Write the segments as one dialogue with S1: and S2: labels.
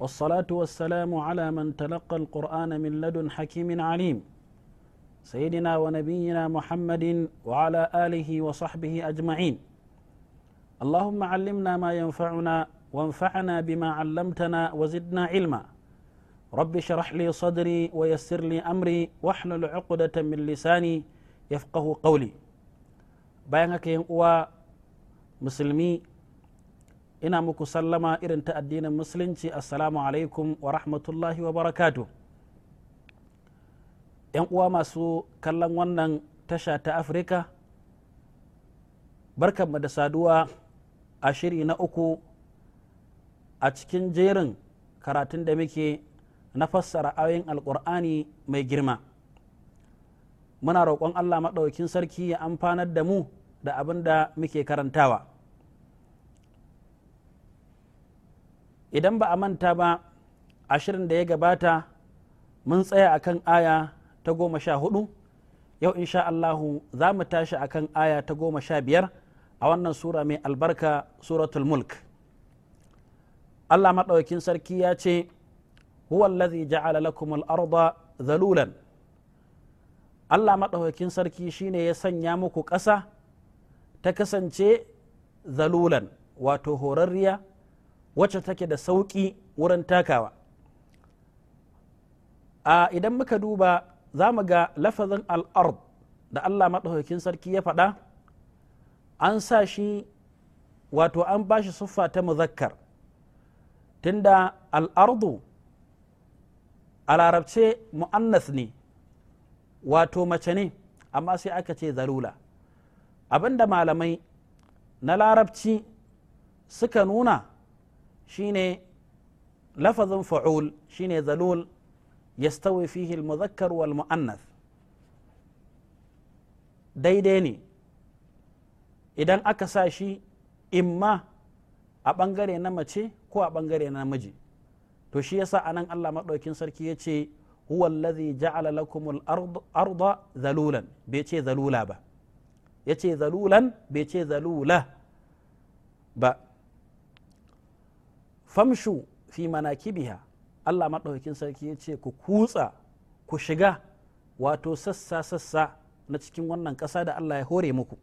S1: والصلاة والسلام على من تلقى القرآن من لدن حكيم عليم سيدنا ونبينا محمد وعلى آله وصحبه أجمعين اللهم علمنا ما ينفعنا وانفعنا بما علمتنا وزدنا علما رب اشرح لي صدري ويسر لي أمري واحلل عقدة من لساني يفقه قولي بيانك ينقوى مسلمي ina muku sallama irin ta addinin musulunci assalamu alaikum wa rahmatullahi wa barakatu yan uwa masu kallon wannan tasha ta afirka barkanmu da saduwa a shiri na uku a cikin jerin karatun da muke na fassara ayoyin alkur'ani mai girma muna roƙon allah maɗaukin sarki ya amfanar da mu da abin da muke karantawa idan ba a manta ba ashirin da ya gabata mun tsaya a kan aya ta goma sha hudu yau insha Allahu za mu tashi a kan aya ta goma sha biyar a wannan sura mai albarka suratul mulk Allah maɗaukin sarki ya ce huwallazi ja'ala lakum arba zalulan Allah maɗaukakin sarki shine ya sanya muku ƙasa ta kasance zalulan wato horarriya wacce take da sauƙi wurin takawa a idan muka duba za mu ga lafazin al'ard da allah maɗaukakin sarki ya faɗa an sa shi wato an ba shi siffa ta muzakkar tunda al'ardu a larabce mu'annas ne wato mace ne amma sai aka ce zalula abinda malamai na larabci suka nuna shine lafazin fa'ul shine zalul yastawi fihi al-muzakkar wal daidai ne idan aka sa shi imma a ɓangare na mace ko a ɓangare na namiji to shi yasa anan Allah maɗaukin sarki ya ce huwa ja'ala lakumul arda zalulan bai ce zalula ba ya ce zalulan bai ce zalula ba famshu fi manakibiha Allah maɗaukakin sarki ya ce ku kutsa ku shiga wato sassa sassa na cikin wannan ƙasa da Allah ya hore muku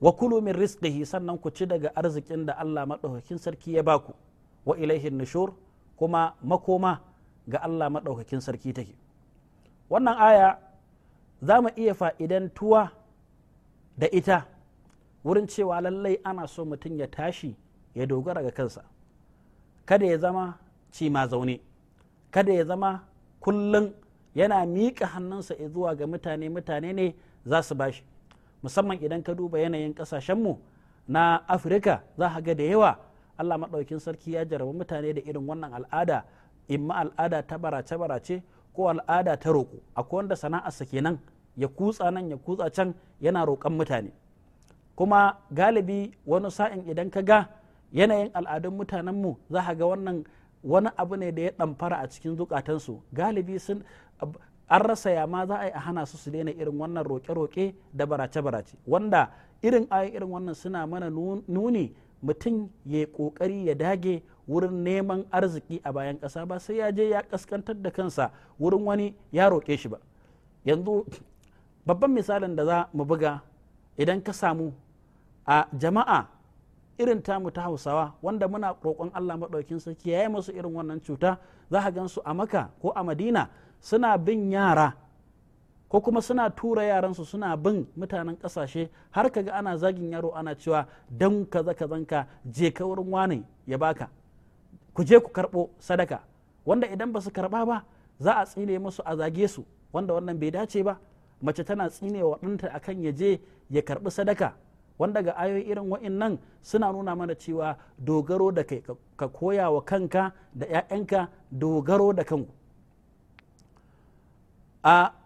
S1: wa kulu min rizqihi sannan ku ci daga arzikin da Allah maɗaukakin sarki ya baku wa ilaihin nushur kuma makoma ga Allah maɗaukakin sarki take wannan aya za mu iya fa'idan tuwa da ita wurin cewa lallai ana so mutum ya tashi ya dogara ga kansa kada ya zama ci ma zaune kada ya zama kullum yana miƙa hannunsa zuwa ga mutane mutane ne za su bashi musamman idan ka duba yanayin ƙasashenmu na afirka za ka ga da yawa allah maɗaukin sarki ya jarabi mutane da irin wannan al'ada imma al'ada ta barace barace ko al'ada ta roƙo akwai wanda sana'arsa kenan ya kutsa nan ya kutsa can yana roƙon mutane kuma galibi wani sa'in idan ka ga yanayin al'adun mutanenmu za ka ga wannan wani abu ne da ya ɗamfara a cikin zukatansu galibi sun an rasa yama za a yi a hana su su daina irin wannan roke roƙe da barace-barace wanda irin ayi irin wannan suna mana nuni mutum ya kokari ya dage wurin neman arziki a bayan ƙasa ba sai ya je ya kaskantar da kansa wurin wani ya roƙe shi ba yanzu babban misalin da za mu buga idan ka samu a jama'a irin tamu ta hausawa wanda muna roƙon allah maɗaukin sarki ya yi musu irin wannan cuta za ka gan su a maka ko a madina suna bin yara ko kuma suna tura yaransu suna bin mutanen ƙasashe har ka ga ana zagin yaro ana cewa dan kaza zanka je ka wurin wani ya baka ku je ku karɓo sadaka wanda idan ba su karɓa ba za a tsine musu a zage su wanda wannan bai dace ba mace tana tsinewa ɗanta akan ya je ya karɓi sadaka wanda ga ayoyi irin wa'innan suna nuna mana cewa dogaro da kai ka koya wa kanka da 'ya'yanka dogaro da kanku a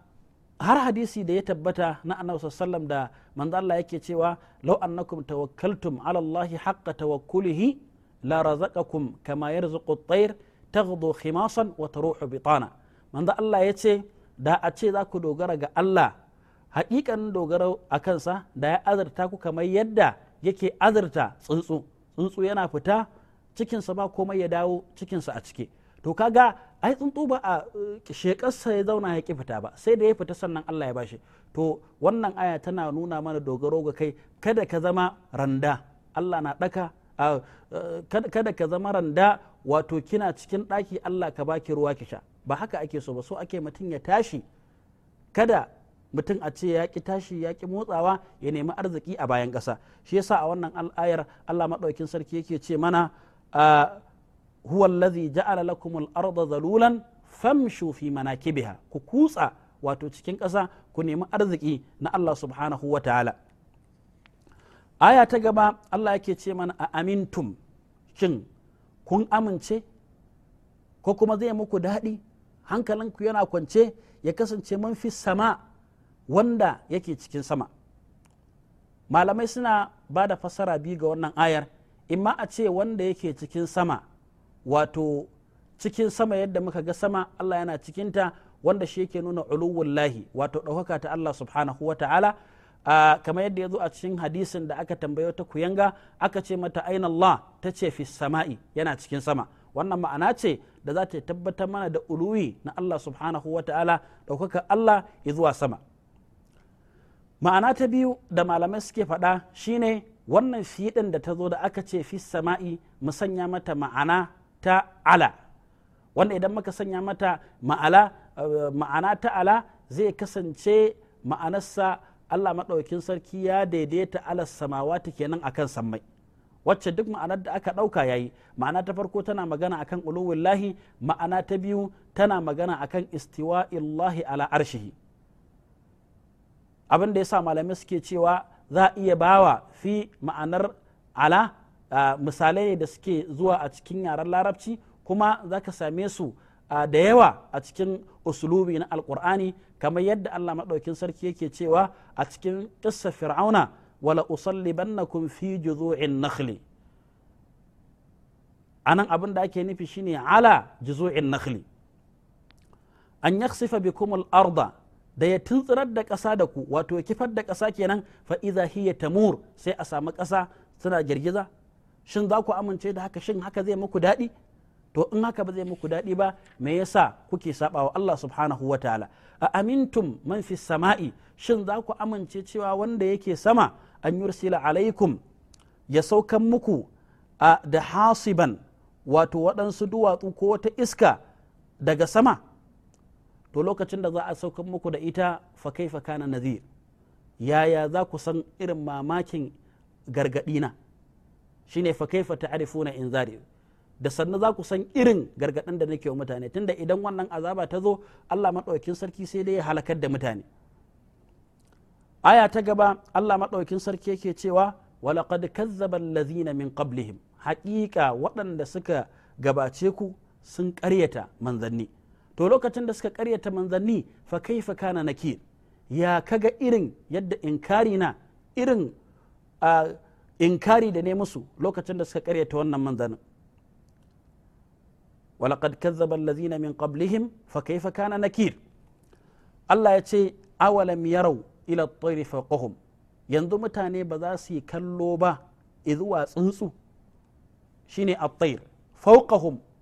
S1: har hadisi da ya tabbata na annabi sallam da manzo Allah yake cewa law annakum tawakkaltum ala Allah haqqa tawakkulihi la razaqakum kama yarzuqu at-tayr taghdu khimasan wa taruhu bitana manzo Allah yace da a ce za ku dogara ga Allah haƙiƙanin dogaro a kansa da ya azarta ku kamar yadda yake azarta tsuntsu tsuntsu yana fita cikinsa ba komai ya dawo cikinsa a ciki to kaga ai tsuntsu ba a eh, shekarsa ya zauna ya ki fita ba sai da ya fita sannan Allah ya bashi to wannan aya tana nuna mana dogaro ga kai kada ka zama randa Allah na daka eh, kada ka zama randa wato kina cikin ɗaki Allah ka baki ruwa ki sha ba haka ake so ba so ake mutum ya tashi kada mutum a ce ya ki tashi ya ki motsawa ya nemi arziki a bayan ƙasa shi yasa a wannan al'ayar Allah maɗaukin sarki yake ce mana huwa allazi ja'ala lakumul arda zalulan famshu fi manakibiha ku kutsa wato cikin ƙasa ku nemi arziki na Allah subhanahu wa ta'ala aya ta gaba Allah yake ce mana a amintum shin kun amince ko kuma zai muku daɗi hankalinku yana kwance ya kasance man fi sama wanda yake cikin sama malamai suna ba da fassara biyu ga wannan ayar imma a ce wanda yake cikin sama wato cikin sama yadda muka ga sama Allah yana cikin ta wanda shi yake nuna uluwullahi lahi wato ɗaukaka ta Allah subhanahu wa ta'ala kamar yadda ya zo a cikin hadisin da aka tambaye ta kuyanga aka ce mata aina Allah ta ce fi sama'i yana cikin sama wannan ma'ana ce da za ta tabbatar mana da uluwi na Allah subhanahu wa ta'ala ɗaukaka Allah ya zuwa sama ma'ana ta biyu da malamai suke faɗa shine wannan fiɗin da ta zo da aka ce fi sama'i mu sanya mata ma'ana ta ala wanda idan muka sanya mata eh, ma'ana ta ala zai kasance ma'anarsa Allah maɗaukin sarki ya daidaita alas samawati kenan akan samai wacce duk ma'anar da aka ɗauka ya yi ma'ana ta farko tana magana akan uluwullahi ma'ana ta biyu tana magana akan istiwa istiwa'illahi ala arshihi abin da yasa malamai suke cewa za a iya bawa fi ma'anar ala misalai da suke zuwa a cikin yaren larabci kuma za ka same su da yawa a cikin usulubi na alkur'ani kamar yadda allah maɗaukin sarki yake cewa a cikin ƙissa fir'auna wala usallibannakum fi juzu'in nakhli anan abin da ake nufi shine ala juzu'in nakhli an yaksifa bikum al-arda da ya tuntsurar da ƙasa da ku wato kifar da ƙasa kenan fa iza hiya tamur sai a samu ƙasa suna girgiza shin za ku amince da haka shin haka zai muku daɗi to in haka ba zai muku daɗi ba me yasa kuke saɓawa Allah subhanahu wa ta'ala a amintum man fi sama'i shin za ku amince cewa wanda yake sama an yursila alaikum ya saukan muku a da hasiban wato waɗansu duwatsu ko wata iska daga sama to lokacin da za a saukan muku da ita fa kaifa kana nazir yaya za ku san irin mamakin gargadina shine fa kaifa ta'rifuna in zari da sannu za ku san irin gargadin da nake wa mutane tunda idan wannan azaba ta zo Allah madaukakin sarki sai dai ya halakar da mutane aya ta gaba Allah madaukakin sarki yake cewa walaqad kazzaba allazina min qablihim haqiqa waɗanda suka gabace ku sun ƙaryata manzanni to lokacin da suka karyata manzanni fa kaifa kana nakir ya kaga irin yadda inkari na irin inkari da ne musu lokacin da suka karyata wannan manzanin walaqad kazzaba allazina min qablihim fa fa kana nakir Allah ya ce awalam yarau ila at-tayr yanzu mutane ba za su yi kallo ba izuwa tsuntsu shine at-tayr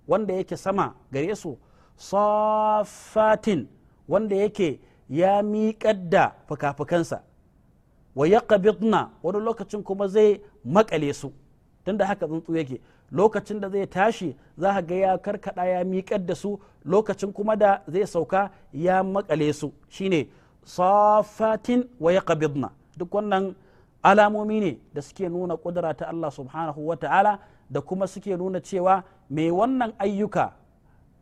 S1: wanda yake sama gare su safatin wanda yake ya miƙar da fuka-fukansa wa ya wani lokacin kuma zai makale su tunda haka tsuntsu yake lokacin da zai tashi za a ga ya karkada ya miƙar da su lokacin kuma da zai sauka ya makale su shine safatin wa ya duk wannan alamomi ne da suke nuna kudura ta Allah subhanahu wa ta'ala da kuma suke nuna cewa mai wannan ayyuka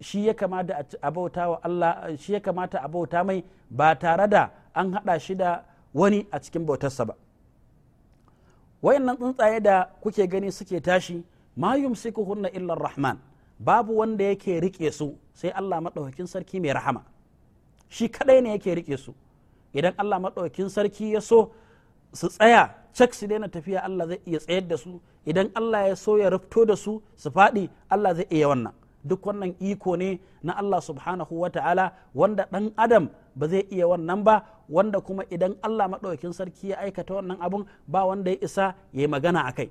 S1: shi ya kamata a bauta wa Allah shi ya kamata a bauta mai ba tare da an haɗa shi da wani a cikin bautarsa ba wayannan tsuntsaye da kuke gani suke tashi ma yumsikuhunna illa rahman babu wanda yake rike su sai Allah maɗaukakin sarki mai rahama shi kadai ne yake rike su idan Allah maɗaukakin sarki ya so su tsaya cak su daina tafiya Allah zai iya tsayar da su idan Allah ya so ya rufto da su su faɗi Allah zai iya wannan duk wannan iko ne na Allah subhanahu wa ta'ala wanda ɗan adam ba zai iya wannan ba wanda kuma idan Allah maɗaukin sarki ya aikata wannan abun ba wanda ya isa ya yi magana a kai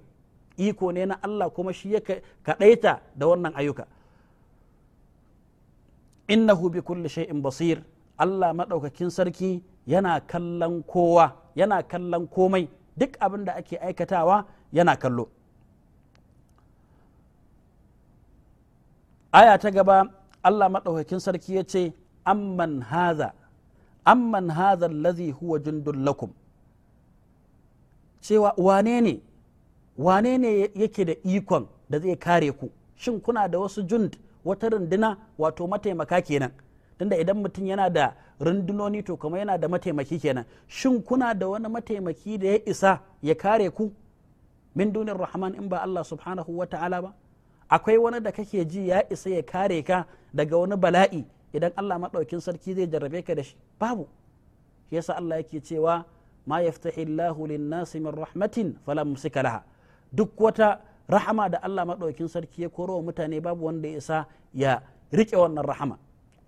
S1: iko ne na Allah kuma shi ya kaɗaita da wannan ayyuka innahu bi kulli shay'in basir Allah maɗaukakin sarki yana kallon kowa yana kallon komai duk abin da ake aikatawa yana kallo aya ta gaba Allah maɗaukakin sarki ya ce amman haza amman haza lazi huwa jundun lakum cewa wane ne wane ne yake da ikon da zai kare ku shin kuna da wasu jund wata runduna wato mataimaka kenan tunda idan mutum yana da rundunoni to kuma yana da mataimaki kenan shin kuna da wani mataimaki da ya isa ya kare ku min dunin rahman in ba Allah subhanahu wa ta'ala ba akwai wani da kake ji ya isa ya kare ka daga wani bala'i idan Allah maɗaukin sarki zai jarrabe ka da shi babu shi yasa Allah yake cewa ma yaftahi Allahu lin-nasi min rahmatin fala musika laha duk wata rahama da Allah maɗaukin sarki ya koro wa mutane babu wanda ya isa ya rike wannan rahama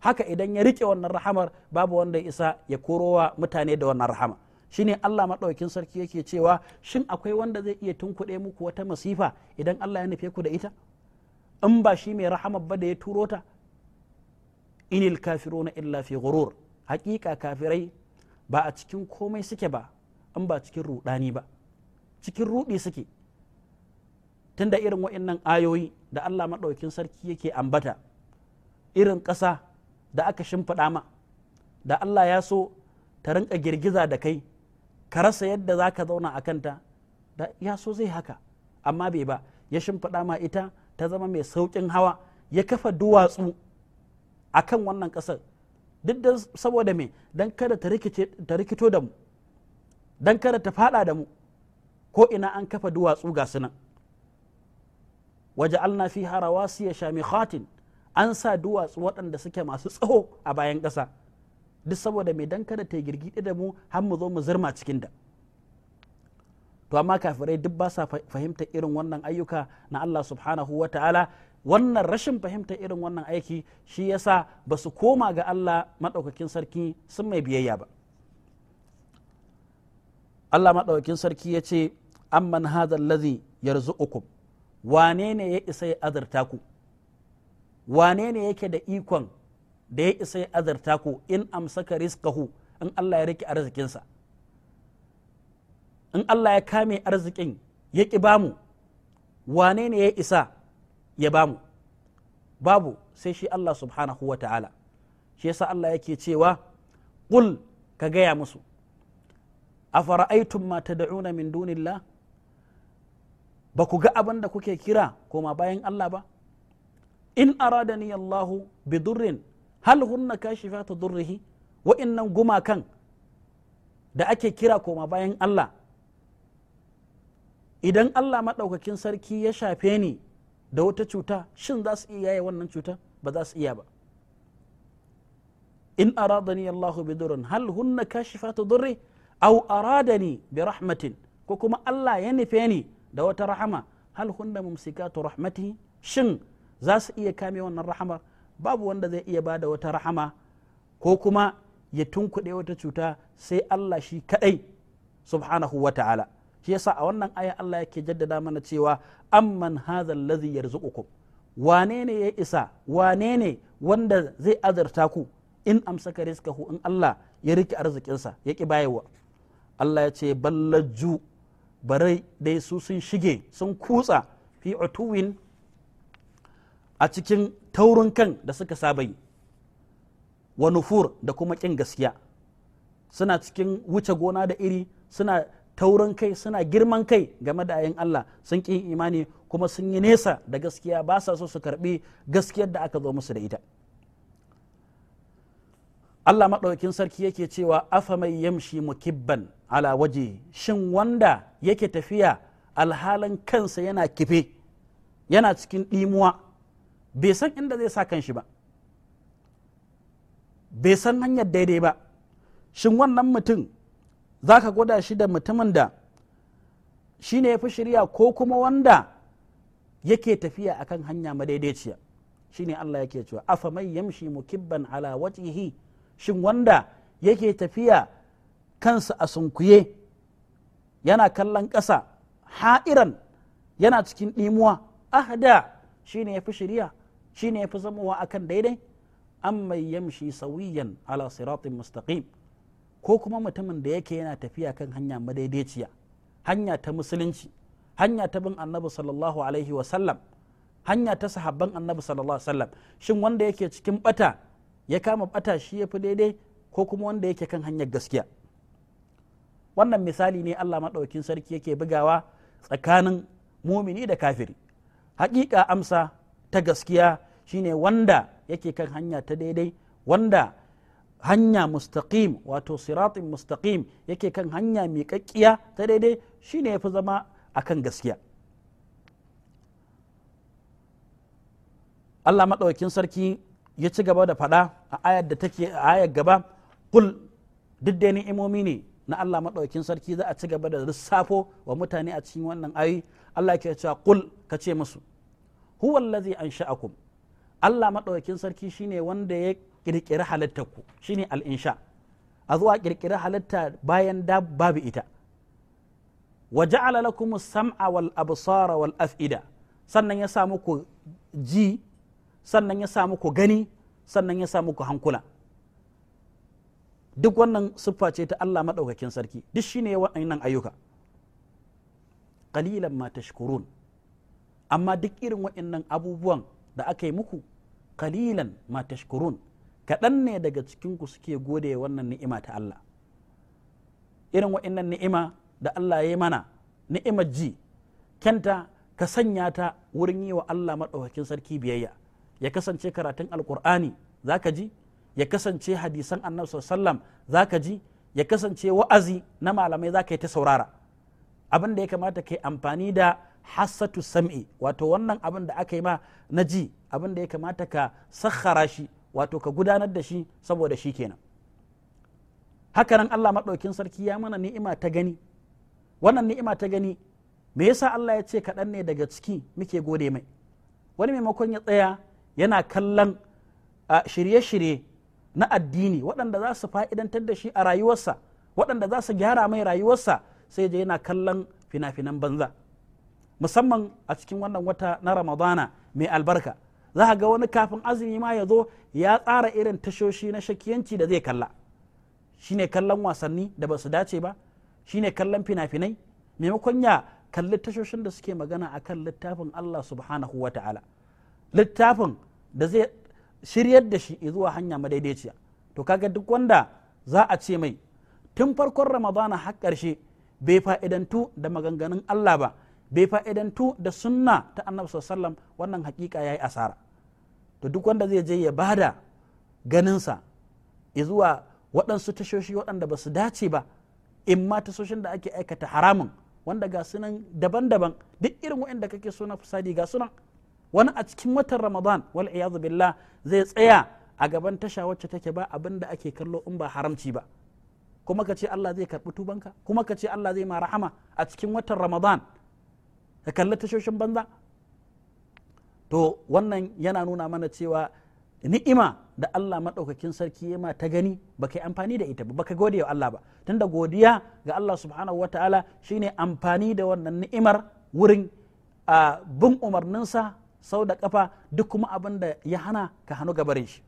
S1: haka idan ya rike wannan rahamar babu wanda ya isa ya koro wa mutane da wannan rahama shine Allah maɗaukin sarki yake cewa shin akwai wanda zai iya tunkuɗe muku wata masifa idan Allah ya nufe ku da ita in ba shi mai rahama ba da ya turo ta inil kafiruna illa fi ghurur hakika kafirai ba a cikin komai suke ba in ba cikin rudani ba cikin rudi suke tunda irin wa'annan ayoyi da Allah maɗaukin sarki yake ambata irin ƙasa da aka shimfiɗa ma da Allah ya so ta rinka girgiza da kai ka rasa yadda za ka zauna a kanta ya so zai haka amma bai ba ya shimfiɗa ma ita ta zama mai sauƙin hawa ya kafa duwatsu a kan wannan ƙasar duk da saboda mai don kada ta rikito da mu don kada ta fada da mu ko ina an kafa duwatsu ga sunan waje alna fi harawa siya khatin an sa duwatsu waɗanda suke masu tsaho a bayan ƙasa duk saboda mai don kada ta girgide da mu har mu zo mu zirma cikin da to amma kafirai duk ba sa fahimta irin wannan ayyuka na Allah subhanahu wa ta'ala wannan rashin fahimta irin wannan aiki shi yasa ba su koma ga Allah maɗaukakin sarki sun mai biyayya ba Allah maɗaukakin sarki ya ce amman lazi allazi yarzuqukum wane ne ya isa ya azarta ku wane ne yake da ikon da ya isa ya azarta ku in amsaka rizqahu in Allah ya rike arzikinsa in Allah ya kame arzikin ya ƙi bamu wane ne ya isa ya bamu babu sai shi Allah subhanahu wa ta'ala shi yasa Allah yake cewa ƙul ka gaya musu a fara'aitun ma da'una min dunillah ba ku ga abin da kuke kira koma bayan Allah ba in aradani Allahu bi durrin hal hunna kashifatu durrihi waɗannan gumakan da ake kira koma bayan Allah idan Allah maɗaukakin sarki ya shafe ni da wata cuta shin za su iya yaya wannan cuta ba za su iya ba in aradani Allahu bi durrin hal hunna kashifatu durri aw aradani bi rahmatin ko kuma Allah ya nufe ni da wata rahama hal hunna mumsikatu rahmati shin za su iya kame wannan rahamar babu wanda zai iya bada wata rahama ko kuma ya tunkuɗe wata cuta sai Allah shi kaɗai subhanahu wa ta'ala shi yasa a wannan aya Allah yake jaddada mana cewa amman hadha allazi yarzuqukum wane ne ya isa wane ne wanda zai azarta ku in amsaka rizqahu in Allah ya riki arzikinsa ya ki bayewa Allah ya ce ballaju barai dai su sun shige sun kutsa fi utuwin a cikin taurin kan da suka saba yi wa nufur da kuma kin gaskiya suna cikin wuce gona da iri suna taurin kai suna girman kai game da ayin Allah sun ƙi imani kuma sun yi nesa da gaskiya ba sa so su karɓi gaskiyar da aka zo musu da ita Allah maɗaukin sarki yake cewa afa mai yamshi mu kibban ala waje shin wanda yake tafiya alhalin kansa yana kife yana cikin ɗimuwa bai san inda zai sa kanshi ba bai san hanyar daidai ba shin wannan mutum za ka gwada shi da mutumin da shi ne ya fi shirya ko kuma wanda yake tafiya akan hanya madaidaiciya shi ne Allah yake cewa afa mai yamshi mukibban ala wajihi shin wanda yake tafiya kansa a sunkuye yana kallon ƙasa ha'iran yana cikin ɗimuwa ahda shi ne ya fi shirya shi ne ya fi zamowa akan daidai an mai yamshi sauyiyan ala siratin mustaqim ko kuma mutumin da yake yana tafiya kan hanya madaidaiciya hanya ta musulunci hanya ta bin annabi sallallahu alaihi wasallam hanya ta sahabban annabi sallallahu alaihi wasallam shin wanda yake cikin bata ya kama bata shi ya fi daidai ko kuma wanda yake kan hanyar gaskiya wannan misali ne allah maɗaukin sarki yake bugawa tsakanin mumini da kafiri Hakika amsa ta gaskiya shine wanda yake kan hanya ta daidai wanda hanya mustaqim wato siratin mustaqim yake kan hanya mai miƙaƙƙiya ta daidai shine ya fi zama a kan gaskiya Allah maɗaukin sarki ya ci gaba da faɗa a ayar da take a ayar gaba kul duk imomi ni'imomi ne na Allah maɗaukin sarki za a ci gaba da lissafo wa mutane a cikin wannan ayi Allah ke cewa kul ka ce musu zai an sha'akum Allah maɗaukin sarki shine wanda ya kirkiri halittar ku shine al-insha a zuwa kirkiri halitta bayan da babu ita wa ja'ala lakum sam'a wal absara wal af'ida sannan ya sa ku ji sannan ya sa ku gani sannan ya sa ku hankula duk wannan siffa ce ta Allah maɗaukakin sarki duk shine wa'annan ayyuka qalilan ma tashkurun amma duk irin wa'annan abubuwan da aka yi muku qalilan ma tashkurun kaɗan ne daga cikinku suke gode wannan ni'ima ta Allah irin wa'innan ni'ima da Allah ya yi mana ni'imar ji kyanta ka sanya ta wurin yi wa Allah maɗaukakin sarki biyayya ya kasance karatun alkur'ani za ka ji ya kasance hadisan annabi sallam za ka ji ya kasance wa'azi na malamai za ka yi ta saurara abin da ya kamata ka yi amfani da hassatu sam'i wato wannan abin da aka yi ma na ji abin da ya kamata ka sakhara shi wato ka gudanar da shi saboda shi kenan haka nan Allah maɗaukin sarki ya mana ni'ima ta gani wannan ni'ima ta gani me yasa Allah ya ce kaɗan ne daga ciki muke gode mai wani maimakon ya tsaya yana kallon shirye-shirye na addini waɗanda za su fa'idantar da shi a rayuwarsa waɗanda za su gyara mai rayuwarsa sai je yana kallon fina-finan banza musamman a cikin wannan wata na ramadana mai albarka za ga wani kafin azumi ma ya zo ya tsara irin tashoshi na shakiyanci da zai kalla Shi ne kallon wasanni da ba su dace ba Shi ne kallon fina-finai maimakon ya kalli tashoshin da suke magana a kan littafin Allah subhanahu wa ta'ala littafin da zai shiryar da shi zuwa hanya madaidaiciya to kaga duk wanda za a ce mai tun farkon ramadana har ƙarshe bai fa'idantu da maganganun Allah ba bai fa'idantu da sunna ta annabi sallam wannan hakika yayi asara to duk wanda zai je ya bada ganinsa zuwa waɗansu tashoshi waɗanda ba su dace ba in ma tashoshin da ake aikata haramun wanda ga sunan daban-daban duk irin waɗanda kake suna fusadi ga sunan wani a cikin watan ramadan wal iyadu billah zai tsaya a gaban tasha wacce take ba abin da ake kallo in ba haramci ba kuma ka ce Allah zai karɓi tubanka kuma ka ce Allah zai ma rahama a cikin watan ramadan ka kalli tashoshin banza to wannan yana nuna mana cewa ni'ima da Allah maɗaukakin sarki ya ma ta gani ba ka yi amfani da ita ba ba ka gode wa Allah ba tunda godiya ga Allah subhanahu wa ta'ala shine amfani da wannan ni'imar wurin a bin umarninsa sau da kafa duk kuma abin da ya hana ka hannu gabarin shi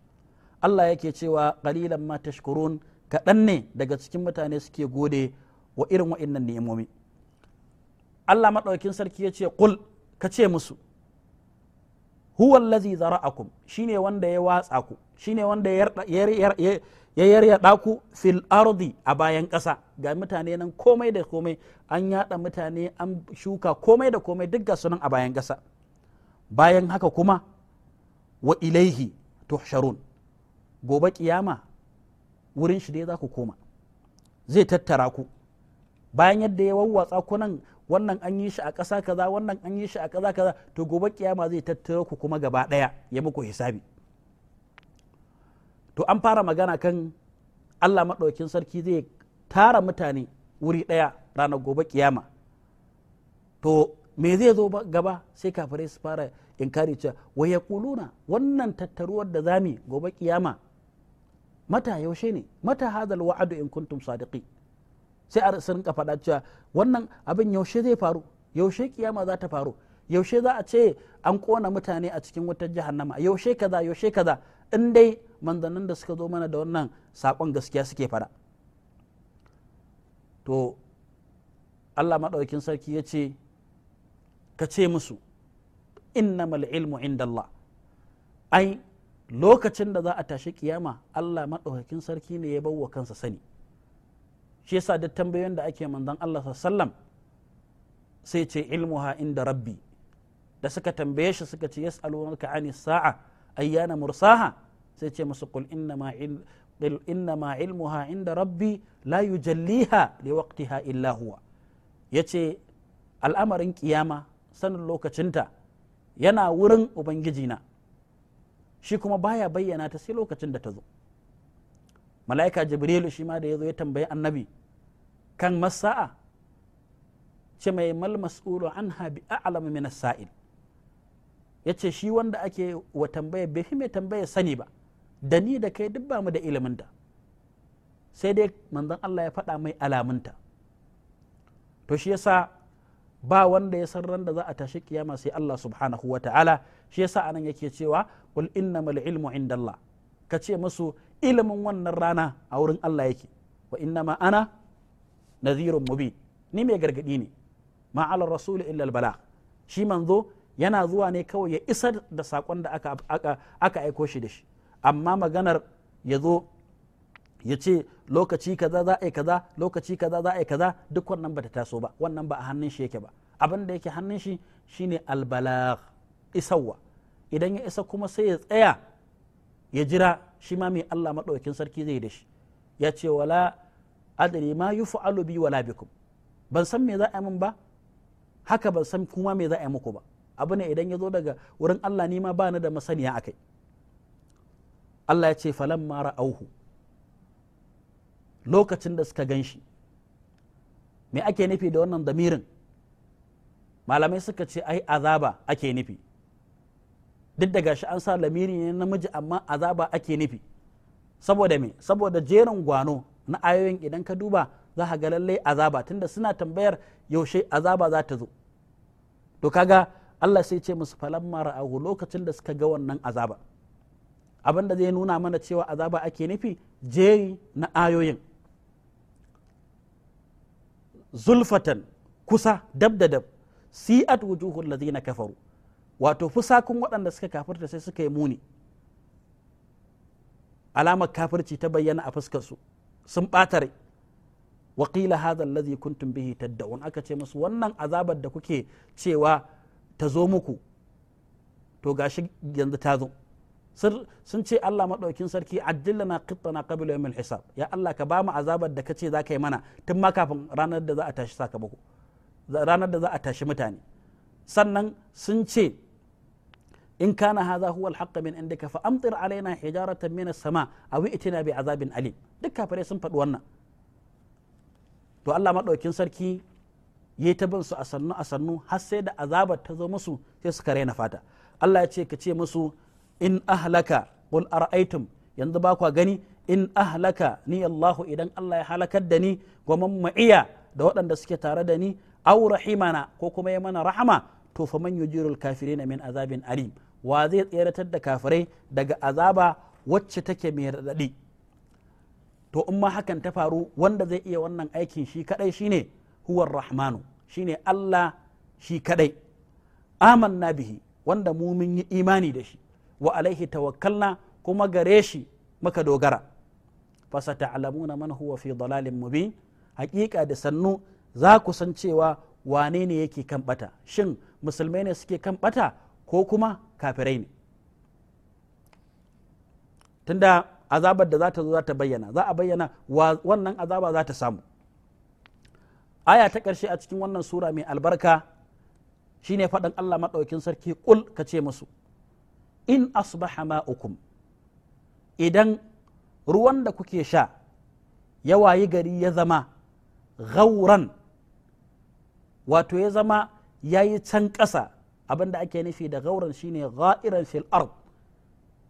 S1: Allah yake cewa qalilan ma tashkurun kaɗan ne daga cikin mutane suke gode wa irin wa'innan ni'imomi Allah maɗaukin sarki ya ce ƙul ka ce musu Huwan lazi a kun. Shi ne wanda ya watsa ku Shi ne wanda ya yaryaɗa ku fil ardi a bayan ƙasa ga mutane nan komai da komai an yaɗa mutane an shuka komai da komai duk ga sunan a bayan ƙasa bayan haka kuma wa ilaihi tuhsharun gobe ƙiyama wurin shi dai za ku koma zai tattara ku bayan yadda ya wawwatsa ku nan wannan an yi shi a ƙasa kaza wannan an yi shi a ƙasa kaza to gobe kiyama zai tattara ku kuma gaba ɗaya ya muku hisabi to an fara magana kan Allah maɗaukin sarki zai tara mutane wuri ɗaya ranar gobe kiyama to me zai zo gaba sai kafirai su fara inkari cewa wai ya kuluna wannan tattaruwar da zami gobe kiyama mata yaushe ne mata hadal wa'adu in kuntum sadiqi sai a su rinka faɗa cewa wannan abin yaushe zai faru yaushe kiyama za ta faru yaushe za a ce an kona mutane a cikin wutar jahannama yaushe kaza yaushe kaza in dai manzannin da suka zo mana da wannan sakon gaskiya suke faɗa to Allah maɗaukin sarki ya ce ka ce musu innamal ilmu indallah Allah ai lokacin da za a tashi kiyama Allah maɗaukakin sarki ne ya bawa kansa sani shi yasa da tambayoyin da ake manzon Allah sallam sai ce ilmuha inda rabbi da suka tambaye shi suka ce yas'alunaka ani sa'a ayyana mursaha sai ce musu qul inna ma innama ilmuha inda rabbi la yujalliha ha illa huwa yace al'amarin kiyama sanin lokacinta yana wurin ubangijina shi kuma baya bayyana ta sai lokacin da ta zo mala'ika jibrilu shi ma da ya zo ya tambayi annabi kan masa'a ce mai mal an habi a'lamu min sa'il ya ce shi wanda ake wa tambaya bai fi mai tambaya sani ba da ni da kai duk ba mu da iliminta sai dai manzon Allah ya faɗa mai alamunta to shi yasa ba wanda ya san randa da za a tashi kiyama sai Allah subhanahu wa ta'ala shi yasa anan yake cewa qul innamal ilmu indallah ka ce musu ilimin wannan rana a wurin Allah yake wa inna ma ana nadhirun Mubi ni mai gargadi ne ma ala rasul illa albala shi manzo yana zuwa ne kawai ya isar da sakon da aka aka aiko shi da shi amma maganar ya zo ya ce lokaci kaza za a yi kaza lokaci kaza za a yi kaza duk wannan bata taso ba wannan ba a hannun shi yake ba abin da yake hannun shi shine albalagh isawa idan ya isa kuma sai ya tsaya ya jira shi ma mai Allah maɗaukin sarki zai da shi ya ce wala adri ma yi fa’alo bi wala bikum ban san me za a yi min ba haka ban san kuma me za a yi muku ba abu ne idan ya zo daga wurin Allah ni ma ba ni da masaniya a kai. Allah ya ce mara auhu lokacin da suka gan shi me ake nufi da wannan damirin malamai suka ce ai azaba ake nufi duk da gashi an sa lamiri ne namiji amma azaba ake nufi saboda me saboda jerin gwano na ayoyin idan ka duba za ka ga lallai azaba tunda suna tambayar yaushe azaba za ta zo to kaga Allah sai ce musu mara ra'ahu lokacin da suka ga wannan azaba abin da zai nuna mana cewa azaba ake nufi jeri na ayoyin zulfatan kusa dab da dab si'at wujuhul ladzina kafaru wato fusakun waɗanda suka kafirta sai suka yi muni alamar kafirci ta bayyana a fuskarsu sun ɓatare waƙila hazan allazi kuntum bihi tad'un aka ce musu wannan azabar da kuke cewa ta zo muku to gashi yanzu ta zo sun ce Allah maɗaukin sarki addillana qittana qabla yawmil hisab ya Allah ka ba mu azabar da kace za ka yi mana tun ma kafin ranar da za a tashi sakamako ranar da za a tashi mutane sannan sun ce in kana hadha huwa alhaqqa min indika fa amtir alaina hijaratan min sama aw itina bi azabin Ali. duk kafare sun faɗi wannan to Allah madaukin sarki yayi ta bin su a sannu a sannu har sai da azabar ta zo musu sai suka na fata Allah ya ce ka musu in ahlaka qul ara'aytum yanzu ba gani in ahlaka ni Allahu idan Allah ya halakar da ni gwamman ma'iya da waɗanda suke tare da ni aw rahimana ko kuma ya mana rahama to fa man yujirul kafirin min azabin alim wa zai tseratar da kafirai daga azaba wacce take mai radadi to in ma hakan ta faru wanda zai iya wannan aikin shi kadai shine huwar rahmanu shine Allah shi kadai amanna bihi wanda mu mun yi imani da shi wa alaihi tawakkalna kuma gare shi muka dogara Fasata, fasata'lamuna man huwa fi dalalin mubin haƙiƙa da sannu za ku san cewa wane ne yake kan bata shin musulmai ne suke kan bata ko kuma kafirai ne tunda azabar da za ta zo za ta bayyana za a bayyana wannan azaba za ta samu aya ta ƙarshe a cikin wannan sura mai albarka shine faɗin Allah maɗaukin sarki ƙul ka ce musu in asbaha ma'ukum idan ruwan da kuke sha ya wayi gari ya zama gauran wato ya zama ya yi can ƙasa abinda ake nufi da gauran shine ga'iran fil ard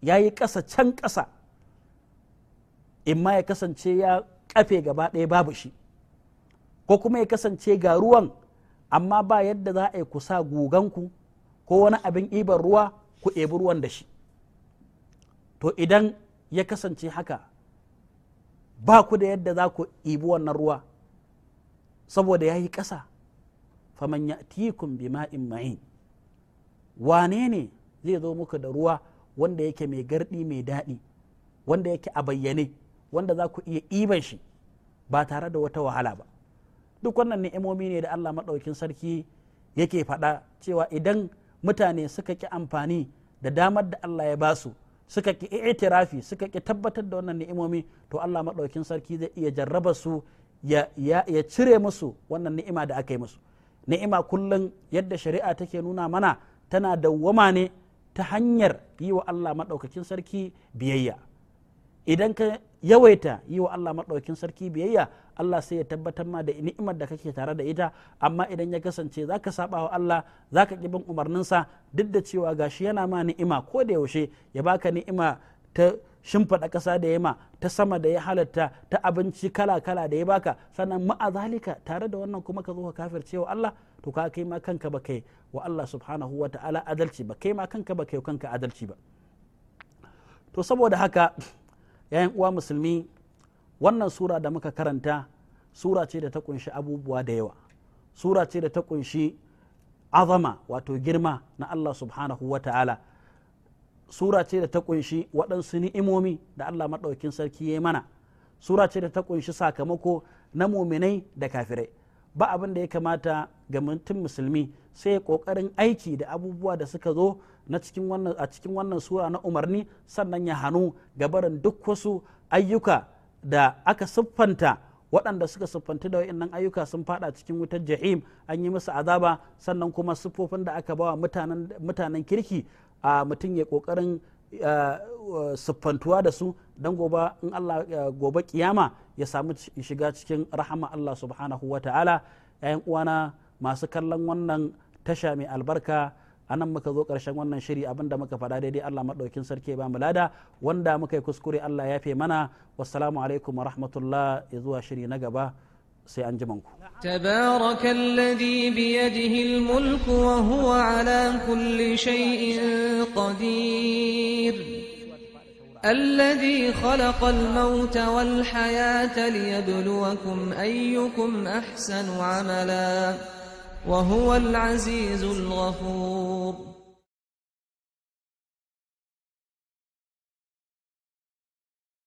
S1: ya yi ƙasa can ƙasa imma ya kasance ya ƙafe gaba ɗaya babu shi ko kuma ya kasance ga ruwan amma ba yadda za a yi kusa guganku ko wani abin ibar ruwa ku ebi ruwan da shi to idan ya kasance haka ba ku da yadda za ku ibi wannan ruwa saboda ya yi ƙasa faman ya'tikum bima'in ma'in wane ne zai zo muku da ruwa wanda yake mai gardi mai daɗi wanda yake a bayyane wanda za ku iya iban shi ba tare da wata wahala ba duk wannan ni'imomi ne da Allah maɗaukin sarki yake faɗa cewa idan mutane suka ki amfani da damar da Allah ya basu suka ki itirafi suka ki tabbatar da wannan ni'imomi to Allah maɗaukin sarki zai iya jarraba su ya, ya cire musu wannan ni'ima da aka yi musu ni'ima kullum yadda shari'a take nuna mana tana dawwama ne ta hanyar yi wa Allah maɗaukakin sarki biyayya idan ka yawaita yi wa Allah maɗaukakin sarki biyayya Allah sai ya tabbatar ma da ni'imar da kake tare da ita amma idan ya kasance za ka saba wa Allah za ka ƙi bin umarninsa duk da cewa gashi yana ma ni'ima ko da yaushe ya baka ni'ima ta shimfiɗa ƙasa da yama ta sama da ya halatta ta abinci kala kala da ya baka sannan ma'azalika tare da wannan kuma ka zo ka kafirce wa Allah to ka kai ma kanka ba kai wa Allah subhanahu wa ta'ala adalci ba kai ma kanka ba kai kanka adalci ba to saboda haka yayin uwa musulmi wannan sura da muka karanta sura ce da ta kunshi abubuwa da yawa sura ce da ta kunshi azama wato girma na Allah subhanahu wa ta'ala sura ce da ta kunshi waɗansu ni'imomi da Allah maɗaukin sarki ya yi mana sura ce da ta kunshi sakamako na muminai da kafirai ba abin da ya kamata ga mutum musulmi sai ƙoƙarin aiki da abubuwa da suka zo na cikin wannan a cikin wannan sura na umarni sannan ya hannu ga barin duk wasu ayyuka da aka siffanta waɗanda suka siffanta da wa'annan ayyuka sun faɗa cikin wutar jahim an yi musu azaba sannan kuma siffofin da aka bawa mutanen mutanen kirki a mutum ya kokarin siffantuwa da su don gobe in Allah gobe kiyama ya samu shiga cikin rahama Allah subhanahu wa ta'ala yayan uwana masu kallon wannan tasha mai albarka a nan muka zo ƙarshen wannan shiri abinda muka faɗa daidai Allah maɗaukin sarki ba mu lada wanda muka yi kuskure Allah ya fi mana wassalamu alaikum wa rahmatullah ya zuwa shiri na gaba سيأنجمنكو تبارك الذي بيده الملك وهو على كل شيء قدير الذي خلق الموت والحياة ليبلوكم أيكم أحسن عملا وهو العزيز الغفور